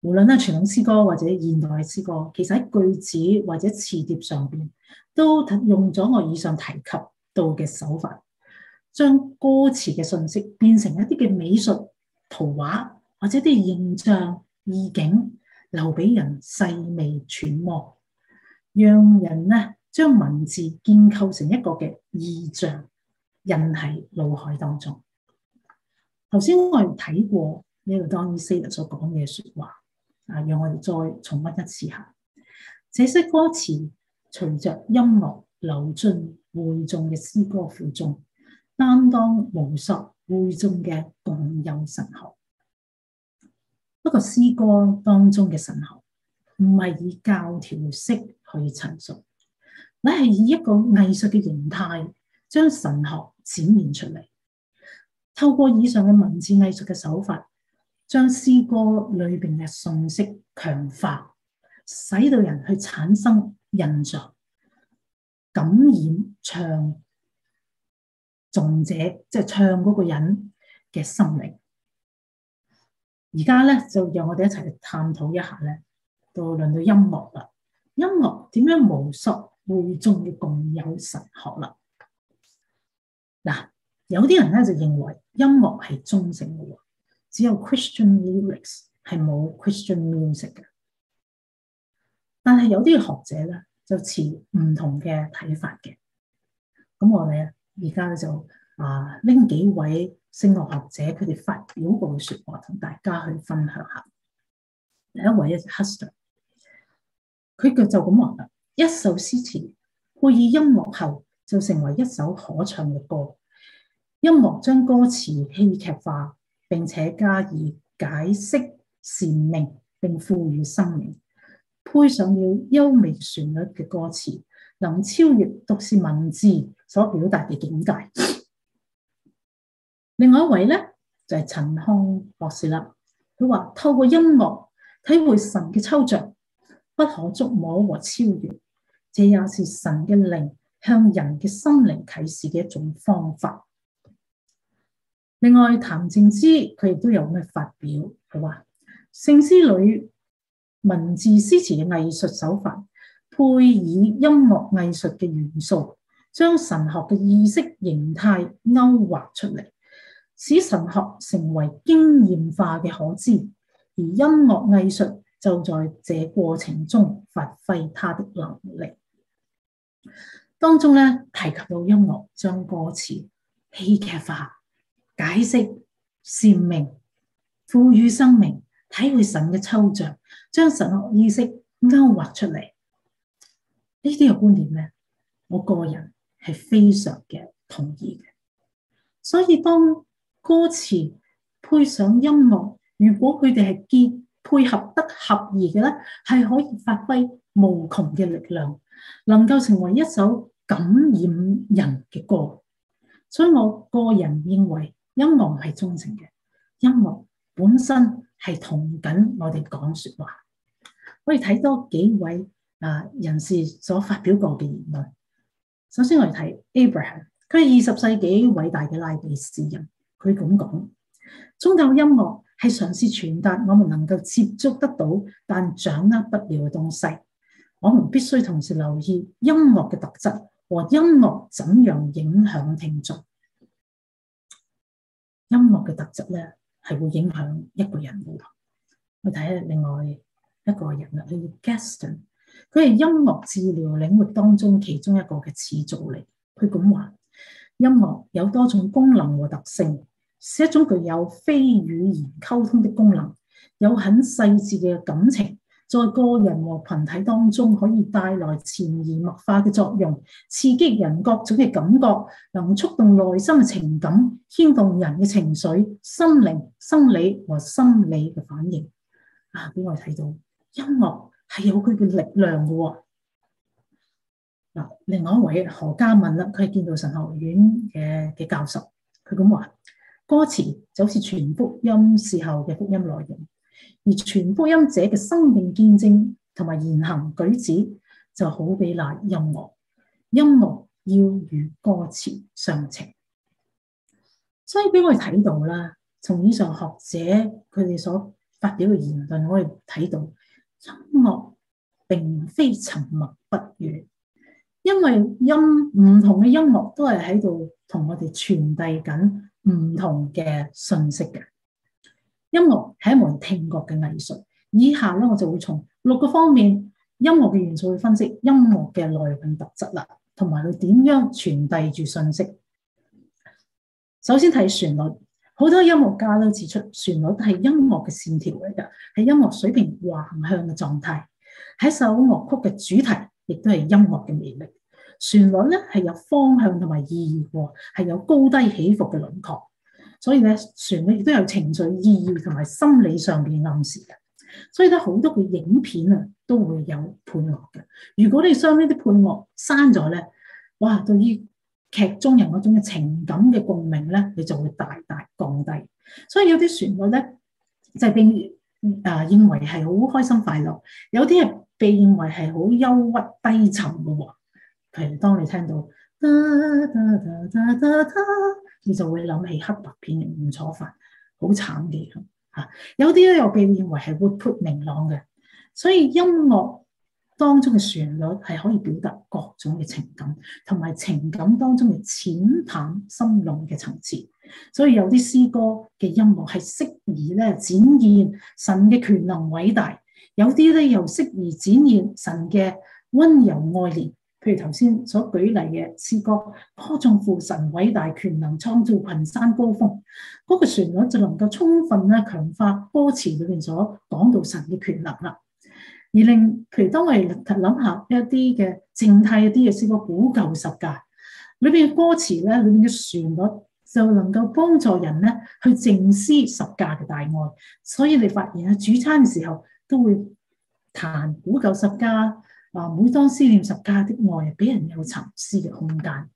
無論係傳統詩歌或者現代詩歌，其實喺句子或者詞碟上邊都用咗我以上提及到嘅手法，將歌詞嘅信息變成一啲嘅美術圖畫或者啲形象意境，留俾人細微揣摩，讓人呢將文字建構成一個嘅意象印喺腦海當中。頭先我哋睇過呢個當伊莎達所講嘅説話。啊！讓我哋再重温一次下，這些歌詞隨着音樂流進會眾嘅詩歌腹中，擔當無數會眾嘅共有神學。不過，詩歌當中嘅神學唔係以教條式去陳述，乃係以一個藝術嘅形態將神學展現出嚟。透過以上嘅文字藝術嘅手法。將詩歌裏邊嘅信息強化，使到人去產生印象、感染唱眾者、唱，眾者即係唱嗰個人嘅心靈。而家咧就讓我哋一齊探討一下咧，到論到音樂啦。音樂點樣描述會中意共有神學啦？嗱，有啲人咧就認為音樂係中性嘅。只有 Christian lyrics 係冇 Christian music 嘅，但係有啲學者咧就持唔同嘅睇法嘅。咁我哋而家就啊拎幾位聲樂學者，佢哋發表過嘅說話同大家去分享下。第一位咧就 Hustler，佢嘅就咁話啦：一首詩詞配以音樂後，就成為一首可唱嘅歌。音樂將歌詞戲，戲劇化。並且加以解釋、闡明，並賦予生命，配上了優美旋律嘅歌詞，能超越獨是文字所表達嘅境界。另外一位咧，就係陳康博士啦，佢話透過音樂體會神嘅抽象，不可捉摸和超越，這也是神嘅靈向人嘅心靈啟示嘅一種方法。另外，譚正之佢亦都有咩發表？佢話聖詩裏文字詩詞嘅藝術手法，配以音樂藝術嘅元素，將神學嘅意識形態勾畫出嚟，使神學成為經驗化嘅可知。而音樂藝術就在這過程中發揮它的能力。當中呢，提及到音樂，將歌詞戲劇化。解釋、闡明、賦予生命、體會神嘅抽象，將神嘅意識勾畫出嚟，呢啲嘅觀點咧，我個人係非常嘅同意嘅。所以當歌詞配上音樂，如果佢哋係結配合得合意嘅咧，係可以發揮無窮嘅力量，能夠成為一首感染人嘅歌。所以我個人認為。音樂唔係中性嘅，音樂本身係同緊我哋講說話。我哋睇多幾位啊人士所發表過嘅言論。首先，我哋睇 Abraham，佢係二十世紀偉大嘅拉比詩人。佢咁講：「宗教音樂係嘗試傳達我們能夠接觸得到但掌握不了嘅東西。我們必須同時留意音樂嘅特質和音樂怎樣影響聽眾。音樂嘅特質咧，係會影響一個人嘅。我睇下另外一個人啦，佢叫 Gaston，佢係音樂治療領域當中其中一個嘅始祖嚟。佢咁話：音樂有多種功能和特性，係一種具有非語言溝通的功能，有很細緻嘅感情。在個人和群體當中可以帶來潛移默化嘅作用，刺激人各種嘅感覺，能觸動內心嘅情感，牽動人嘅情緒、心靈、生理和心理嘅反應。啊，我哋睇到，音樂係有佢嘅力量嘅。嗱，另外一位何嘉敏啦，佢係建道神學院嘅嘅教授，佢咁話：歌詞就好似傳福音時候嘅福音內容。而傳福音者嘅生命見證同埋言行舉止就好比喇，音樂，音樂要與歌詞相稱。所以俾我哋睇到啦，從以上學者佢哋所發表嘅言論，我哋睇到音樂並非沉默不語，因為音唔同嘅音樂都係喺度同我哋傳遞緊唔同嘅信息嘅。音樂係一門聽覺嘅藝術，以下咧我就會從六個方面，音樂嘅元素去分析音樂嘅內容特質啦，同埋佢點樣傳遞住信息。首先睇旋律，好多音樂家都指出，旋律係音樂嘅線條嚟㗎，係音樂水平橫向嘅狀態。喺首樂曲嘅主題，亦都係音樂嘅魅力。旋律咧係有方向同埋意義，係有高低起伏嘅輪廓。所以咧，旋律亦都有情緒意義同埋心理上邊暗示嘅，所以咧好多嘅影片啊都會有配樂嘅。如果你將呢啲配樂刪咗咧，哇！對於劇中人嗰種嘅情感嘅共鳴咧，你就會大大降低。所以有啲旋律咧就是、被啊認為係好開心快樂，有啲啊被認為係好憂鬱低沉嘅喎。譬如當你聽到。噠噠噠噠噠噠噠，你就會諗起黑白片嘅《吳楚凡》，好慘嘅吓。有啲咧又被認為係活潑明朗嘅，所以音樂當中嘅旋律係可以表達各種嘅情感，同埋情感當中嘅淺淡、深濃嘅層次。所以有啲詩歌嘅音樂係適宜咧展現神嘅權能偉大，有啲咧又適宜展現神嘅溫柔愛憐。譬如頭先所舉例嘅詩歌，歌頌父神偉大權能，創造群山高峰，嗰、那個旋律就能夠充分咧強化歌詞裏邊所講到神嘅權能啦。而令其如當我諗下一啲嘅靜態一啲嘅「詩歌古舊十架裏邊嘅歌詞咧，裏邊嘅旋律就能夠幫助人咧去靜思十架嘅大愛。所以你發現喺主餐嘅時候都會彈古舊十架。嗱，每當思念十架的愛，俾人有沉思嘅空間。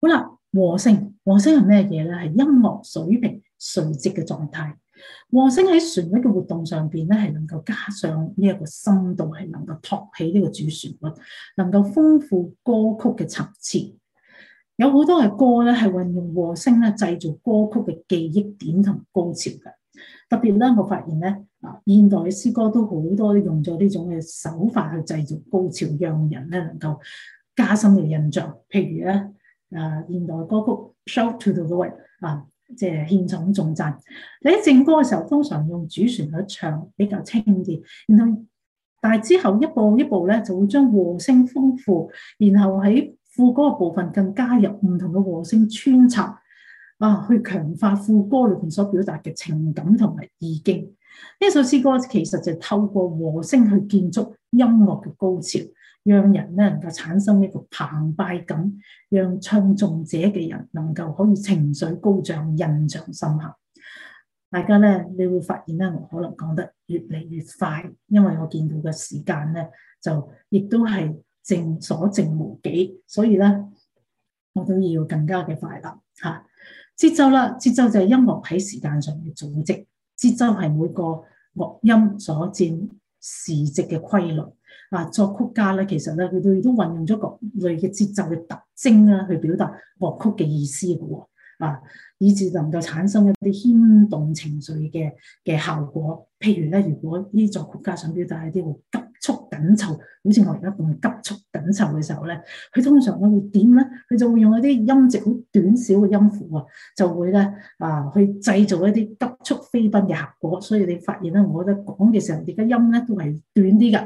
好啦，和聲，和聲係咩嘢咧？係音樂水平垂直嘅狀態。和聲喺旋律嘅活動上邊咧，係能夠加上呢一個深度，係能夠托起呢個主旋律，能夠豐富歌曲嘅層次。有好多嘅歌咧，係運用和聲咧，製造歌曲嘅記憶點同高潮嘅。特別咧，我發現咧，啊現代嘅詩歌都好多都用咗呢種嘅手法去製造高潮，讓人咧能夠加深嘅印象。譬如咧，啊現代歌曲《Shout to the Lord》啊，即係獻上頌讚。你喺正歌嘅時候，通常用主旋律唱比較清啲，然後但係之後一步一步咧就會將和聲豐富，然後喺副歌嘅部分更加入唔同嘅和聲穿插。啊！去強化副歌裏邊所表達嘅情感同埋意境。呢首詩歌其實就透過和聲去建築音樂嘅高潮，讓人咧能夠產生一個澎湃感，讓唱誦者嘅人能夠可以情緒高漲、印象深刻。大家咧，你會發現咧，我可能講得越嚟越快，因為我見到嘅時間咧就亦都係剩所剩無幾，所以咧我都要更加嘅快啦，吓！節奏啦，節奏就係音樂喺時間上嘅組織。節奏係每個樂音所佔時值嘅規律。啊，作曲家咧，其實咧佢都都運用咗各類嘅節奏嘅特徵啦，去表達樂曲嘅意思嘅喎。啊，以致能夠產生一啲牽動情緒嘅嘅效果。譬如咧，如果呢作曲家想表達一啲好速緊湊，好似我而家咁急速緊湊嘅時候咧，佢通常我會點咧？佢就會用一啲音值好短小嘅音符啊，就會咧啊去製造一啲急速飛奔嘅效果。所以你發現咧，我覺得講嘅時候你嘅音咧都係短啲㗎。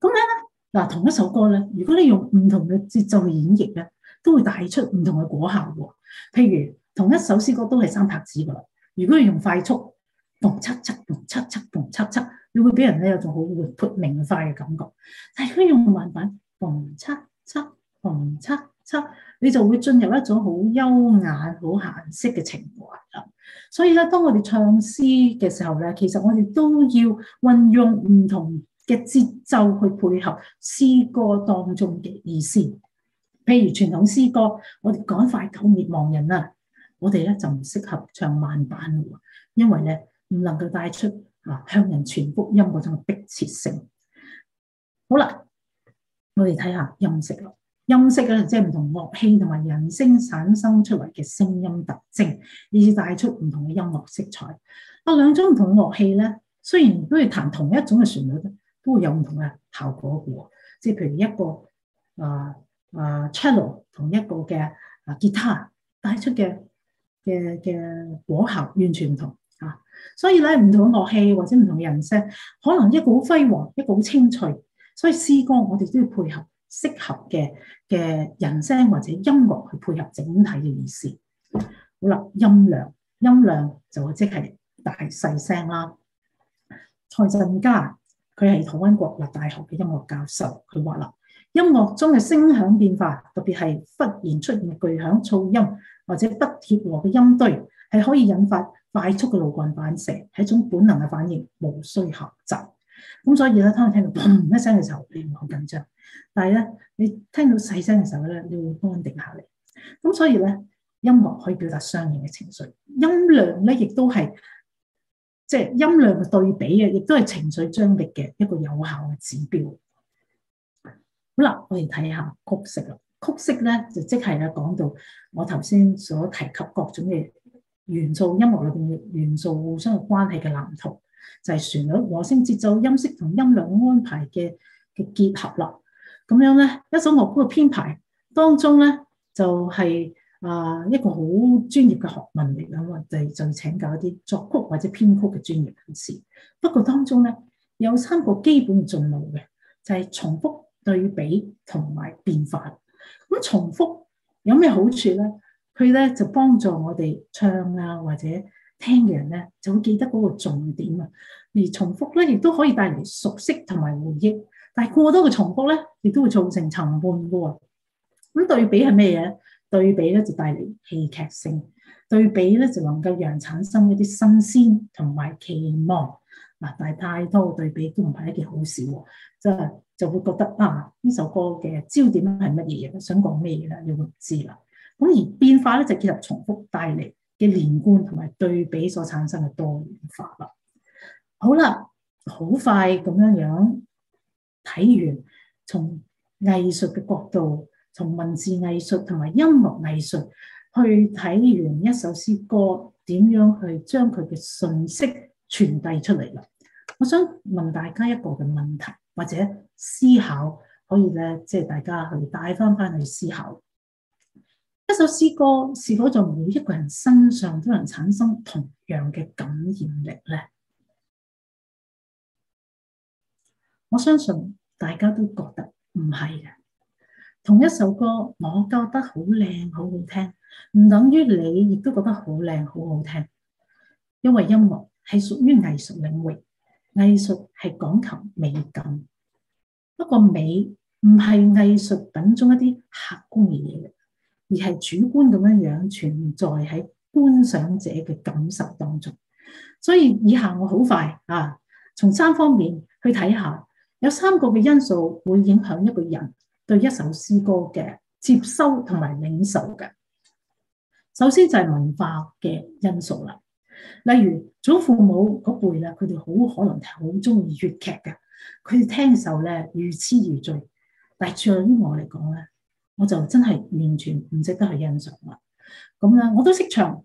咁樣咧，嗱同一首歌咧，如果你用唔同嘅節奏去演繹咧，都會帶出唔同嘅果效喎。譬如同一首詩歌都係三拍子嘅啦，如果你用快速。洪七七，洪七七，洪七七，你會俾人咧有種好活潑明快嘅感覺。但係佢用慢板，洪七七，洪七七，你就會進入一種好優雅、好閒適嘅情懷啦。所以咧，當我哋唱詩嘅時候咧，其實我哋都要運用唔同嘅節奏去配合詩歌當中嘅意思。譬如傳統詩歌，我哋趕快討滅亡人啦，我哋咧就唔適合唱慢板喇，因為咧。唔能夠帶出啊，向人傳福音嗰種迫切性。好啦，我哋睇下音色咯。音色咧，即係唔同樂器同埋人聲產生出嚟嘅聲音特徵，以至帶出唔同嘅音樂色彩。啊，兩種唔同樂器咧，雖然都要彈同一種嘅旋律，都會有唔同嘅效果嘅。即係譬如一個啊啊、uh, uh,，cello 同一個嘅啊吉他帶出嘅嘅嘅果效完全唔同。所以咧，唔同樂器或者唔同人聲，可能一個好輝煌，一個好清脆，所以詩歌我哋都要配合適合嘅嘅人聲或者音樂去配合整體嘅意思。好啦，音量，音量就即係大細聲啦。蔡振家佢係台灣國立大學嘅音樂教授，佢話啦，音樂中嘅聲響變化，特別係忽然出現嘅巨響噪音或者不協和嘅音堆，係可以引發。快速嘅腦幹反射係一種本能嘅反應，無需學習。咁所以咧，當你聽到砰一聲嘅時候，你唔好緊張；但係咧，你聽到細聲嘅時候咧，你會安定下嚟。咁所以咧，音樂可以表達相應嘅情緒，音量咧亦都係即係音量嘅對比嘅，亦都係、就是、情緒張力嘅一個有效嘅指標。好啦，我哋睇下曲式啦。曲式咧就即係咧講到我頭先所提及各種嘅。元素音樂裏邊嘅元素相互關係嘅藍圖，就係旋律、和聲、節奏、音色同音量安排嘅嘅結合啦。咁樣咧，一首樂曲嘅編排當中咧，就係、是、啊一個好專業嘅學問嚟噶嘛，就係就要請教一啲作曲或者編曲嘅專業人士。不過當中咧有三個基本嘅進路嘅，就係、是、重複、對比同埋變化。咁重複有咩好處咧？佢咧就幫助我哋唱啊或者聽嘅人咧，就會記得嗰個重點啊。而重複咧，亦都可以帶嚟熟悉同埋回憶。但係過多嘅重複咧，亦都會造成沉悶嘅喎。咁對比係咩嘢？對比咧就帶嚟戲劇性。對比咧就能夠讓產生一啲新鮮同埋期望。嗱，但係太多嘅對比都唔係一件好事喎。真係就會覺得啊，呢首歌嘅焦點係乜嘢？想講咩嘢？你會唔知啦。果而變化咧，就結合重複帶嚟嘅連貫同埋對比所產生嘅多元化啦。好啦，好快咁樣樣睇完，從藝術嘅角度，從文字藝術同埋音樂藝術去睇完一首詩歌，點樣去將佢嘅信息傳遞出嚟啦？我想問大家一個嘅問題，或者思考，可以咧即係大家去帶翻翻去思考。一首詩歌是否在每一個人身上都能產生同樣嘅感染力呢？我相信大家都覺得唔係嘅。同一首歌，我覺得好靚，好好聽，唔等於你亦都覺得好靚，好好聽。因為音樂係屬於藝術領域，藝術係講求美感。不過美唔係藝術品中一啲客觀嘅嘢。而係主觀咁樣樣存在喺觀賞者嘅感受當中，所以以下我好快啊，從三方面去睇下，有三個嘅因素會影響一個人對一首詩歌嘅接收同埋領受嘅。首先就係文化嘅因素啦，例如祖父母嗰輩啦，佢哋好可能係好鍾意粵劇嘅，佢哋聽受咧如痴如醉。但係對於我嚟講咧，我就真係完全唔值得去欣賞啦。咁咧，我都識唱，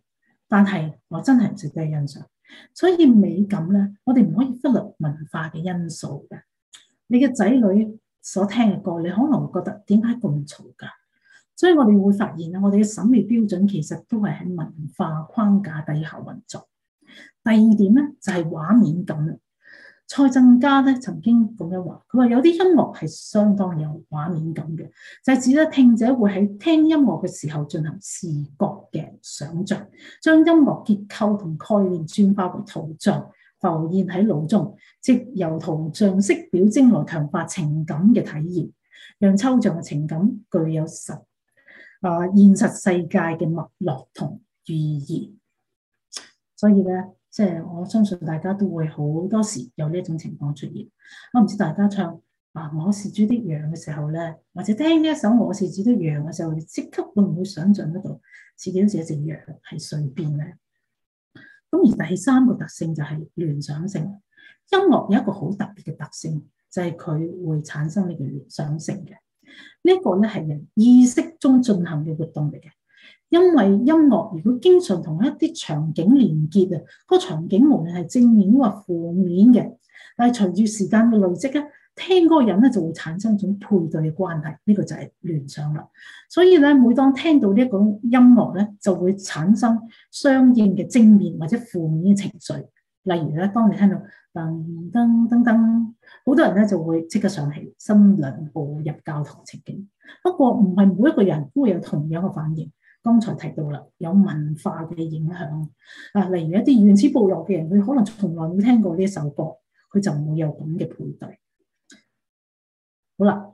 但係我真係唔值得去欣賞。所以美感咧，我哋唔可以忽略文化嘅因素嘅。你嘅仔女所聽嘅歌，你可能會覺得點解咁嘈噶？所以我哋會發現啦，我哋嘅審美標準其實都係喺文化框架底下運作。第二點咧，就係、是、畫面感蔡振家咧曾經咁樣話，佢話有啲音樂係相當有畫面感嘅，就係、是、指咧聽者會喺聽音樂嘅時候進行視覺嘅想像，將音樂結構同概念轉化為圖像浮現喺腦中，即由圖像式表徵來強化情感嘅體驗，讓抽象嘅情感具有實啊現實世界嘅脈絡同意義。所以咧。即係我相信大家都會好多時有呢一種情況出現。我唔知大家唱《啊我是主的羊》嘅時候咧，或者聽呢一首《我是主的羊》嘅時候，你即刻會唔會想象得到自己都自己是一隻羊，係隨便咧？咁而第三個特性就係聯想性。音樂有一個好特別嘅特性，就係、是、佢會產生呢個聯想性嘅。呢、這個咧係人意識中進行嘅活動嚟嘅。因為音樂，如果經常同一啲場景連結啊，嗰、那個場景無論係正面或負面嘅，但係隨住時間嘅累積咧，聽嗰個人咧就會產生一種配對嘅關係，呢、這個就係聯想啦。所以咧，每當聽到呢一種音樂咧，就會產生相應嘅正面或者負面嘅情緒。例如咧，當你聽到噔噔噔噔，好多人咧就會即刻想起新娘步入教堂情景。不過唔係每一個人都會有同樣嘅反應。剛才提到啦，有文化嘅影響啊，例如一啲原始部落嘅人，佢可能從來冇聽過呢首歌，佢就冇有咁嘅配對。好啦，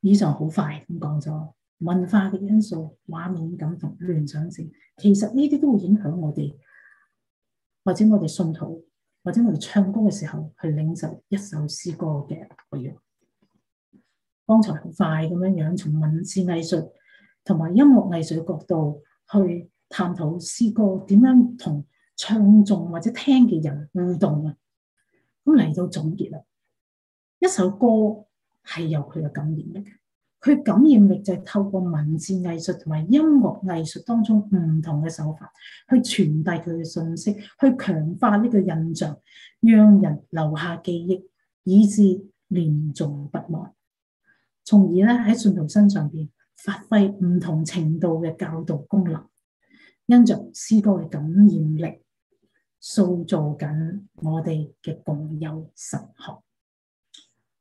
以上好快咁講咗文化嘅因素、畫面感同聯想性，其實呢啲都會影響我哋，或者我哋信徒，或者我哋唱歌嘅時候去領受一首詩歌嘅內容。剛才好快咁樣樣，從文字藝術。同埋音樂藝術嘅角度去探討詩歌點樣同唱誦或者聽嘅人互動啊。咁嚟到總結啦，一首歌係有佢嘅感染力嘅，佢嘅感染力就係透過文字藝術同埋音樂藝術當中唔同嘅手法去傳遞佢嘅信息，去強化呢個印象，讓人留下記憶，以致念誦不忘，從而咧喺信徒身上邊，發揮唔同程度嘅教導功能，因着詩歌嘅感染力，塑造緊我哋嘅共有神學。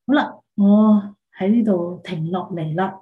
好啦，我喺呢度停落嚟啦。